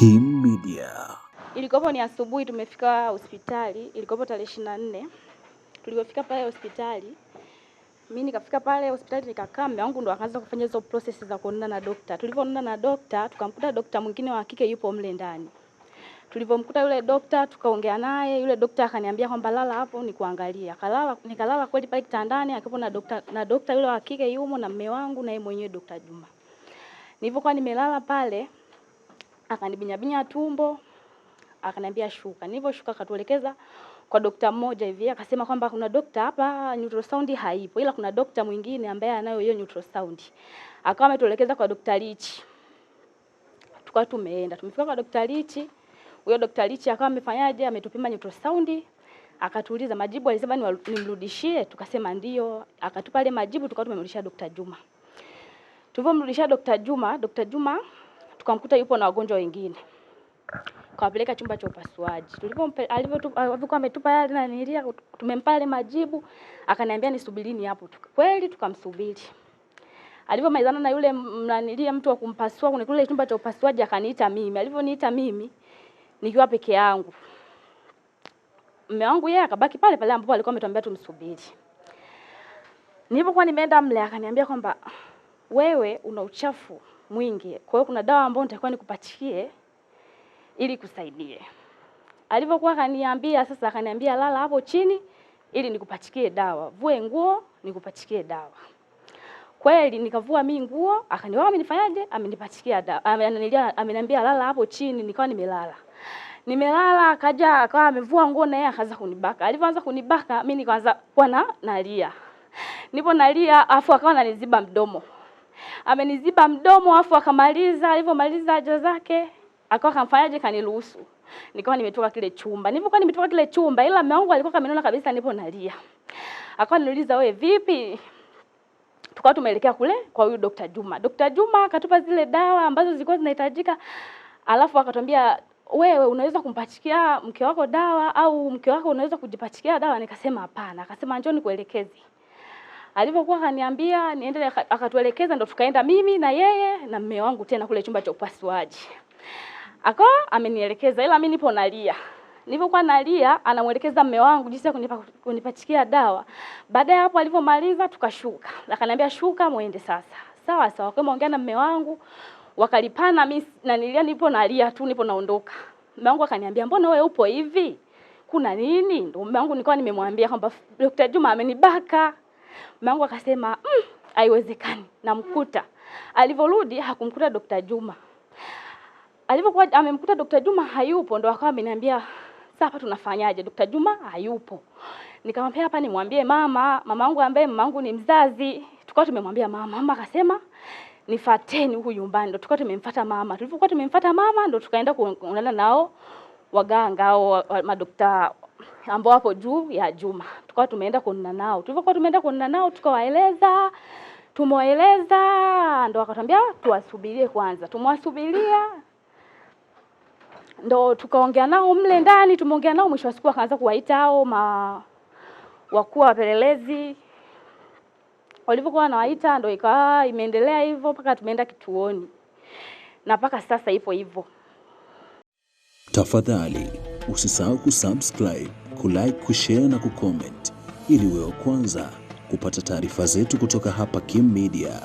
Kim Media. Ilikopo ni asubuhi, tumefika hospitali, ilikopo tarehe 24. Tulipofika pale hospitali, mimi nikafika pale hospitali nikakaa, mume wangu ndo akaanza kufanya hizo process za kuonana na dokta. Tulipoonana na dokta, tukamkuta dokta mwingine wa kike yupo mle ndani. Tulipomkuta yule dokta, tukaongea naye, yule dokta akaniambia kwamba lala hapo nikuangalia. Kalala, nikalala kweli pale kitandani akipo na dokta na dokta yule wa kike yumo na mume wangu na yeye mwenyewe dokta Juma. Nilipokuwa nimelala pale akanibinyabinya tumbo, akaniambia shuka. Nilivyoshuka akatuelekeza kwa dokta mmoja hivi, akasema kwamba kuna dokta hapa ultrasound haipo, ila kuna dokta mwingine ambaye anayo hiyo ultrasound. Akawa ametuelekeza kwa dokta Lichi, tukawa tumeenda tumefika kwa dokta Lichi. Huyo dokta Lichi akawa amefanyaje, ametupima ultrasound akatuuliza majibu, alisema nimrudishie, tukasema ndio, akatupa ile majibu, tukawa tumemrudishia dokta Juma. Tulivyomrudishia dokta Juma, dokta Juma tukamkuta yupo na wagonjwa wengine, kawapeleka chumba cha upasuaji. Alivyokuwa ametupa yale na nilia, tumempa yale majibu, akaniambia nisubirini hapo. Kweli tukamsubiri alivyomalizana na yule mnanilia mtu wa kumpasua kwenye kule chumba cha upasuaji, akaniita mimi. Alivyoniita mimi nikiwa peke yangu, mume wangu yeye akabaki pale pale ambapo alikuwa ametuambia tumsubiri. Nilipokuwa nimeenda mle, akaniambia kwamba wewe una uchafu mwingi. Kwa hiyo kuna dawa ambayo nitakuwa nikupatie ili kusaidie. Alivyokuwa akaniambia sasa, akaniambia lala hapo chini ili nikupachikie dawa, vue nguo nikupachikie dawa. Kweli nikavua mimi nguo, akaniwa amenifanyaje? Amenipachikia dawa, ameniambia lala hapo chini. Nikawa nimelala nimelala, akaja akawa amevua nguo na yeye akaanza kunibaka. Alivyoanza kunibaka, mimi nikaanza kuwa na nalia, nipo nalia, afu akawa ananiziba mdomo ameniziba mdomo, afu akamaliza. Alivyomaliza haja zake akawa kamfanyaje, kaniruhusu nikawa nimetoka kile chumba. Nilipokuwa nimetoka kile chumba, ila mume wangu alikuwa kamenona kabisa nipo nalia, akawa niuliza wewe vipi? Tukawa tumeelekea kule kwa huyu Dr. Juma. Dr. Juma akatupa zile dawa ambazo zilikuwa zinahitajika, alafu akatwambia wewe unaweza kumpachikia mke wako dawa au mke wako unaweza kujipachikia dawa. Nikasema hapana. Akasema njoo nikuelekeze. Alivyokuwa kaniambia niende, akatuelekeza, ndo tukaenda mimi na yeye na mume wangu tena kule chumba cha upasuaji. Akawa amenielekeza, ila mimi nipo nalia. Nilipokuwa nalia, anamuelekeza mume wangu jinsi ya kunipa, kunipachikia dawa. Baada ya hapo alivyomaliza tukashuka. Akaniambia shuka muende sasa. Sawa sawa, kwa ongea na mume wangu wakalipana mimi na nilia, nipo nalia tu, nipo naondoka. Mume wangu akaniambia mbona wewe upo hivi? Kuna nini? Ndio mume wangu nilikuwa nimemwambia kwamba Dr. Juma amenibaka. Mamangu akasema mm, haiwezekani, namkuta. Alivyorudi hakumkuta Dr. Juma. Alivyokuwa amemkuta Dr. Juma hayupo, ndo akawa ameniambia sasa hapa tunafanyaje? Dr. Juma hayupo. Nikamwambia hapa nimwambie mama, mamangu ambaye mamangu ni mzazi. Tukao tumemwambia mama, mama akasema nifateni huku nyumbani, ndo tukao tumemfuata mama. Tulipokuwa tumemfuata mama, ndo tukaenda kuonana nao waganga au madokta ambao wapo juu ya Juma. Tukawa tumeenda kuonana nao, tulivyokuwa tumeenda kuonana nao tukawaeleza tumewaeleza, ndo wakatwambia tuwasubirie kwanza. Tumewasubiria ndo tukaongea nao mle ndani, tumeongea nao. Mwisho wa siku wakaanza kuwaita hao ma wakuu wapelelezi. Walivyokuwa wanawaita, ndo ikawa imeendelea hivyo mpaka tumeenda kituoni na mpaka sasa ipo hivyo. Tafadhali usisahau kusubscribe kulike, kushare na kucomment ili uwe wa kwanza kupata taarifa zetu kutoka hapa Kim Media.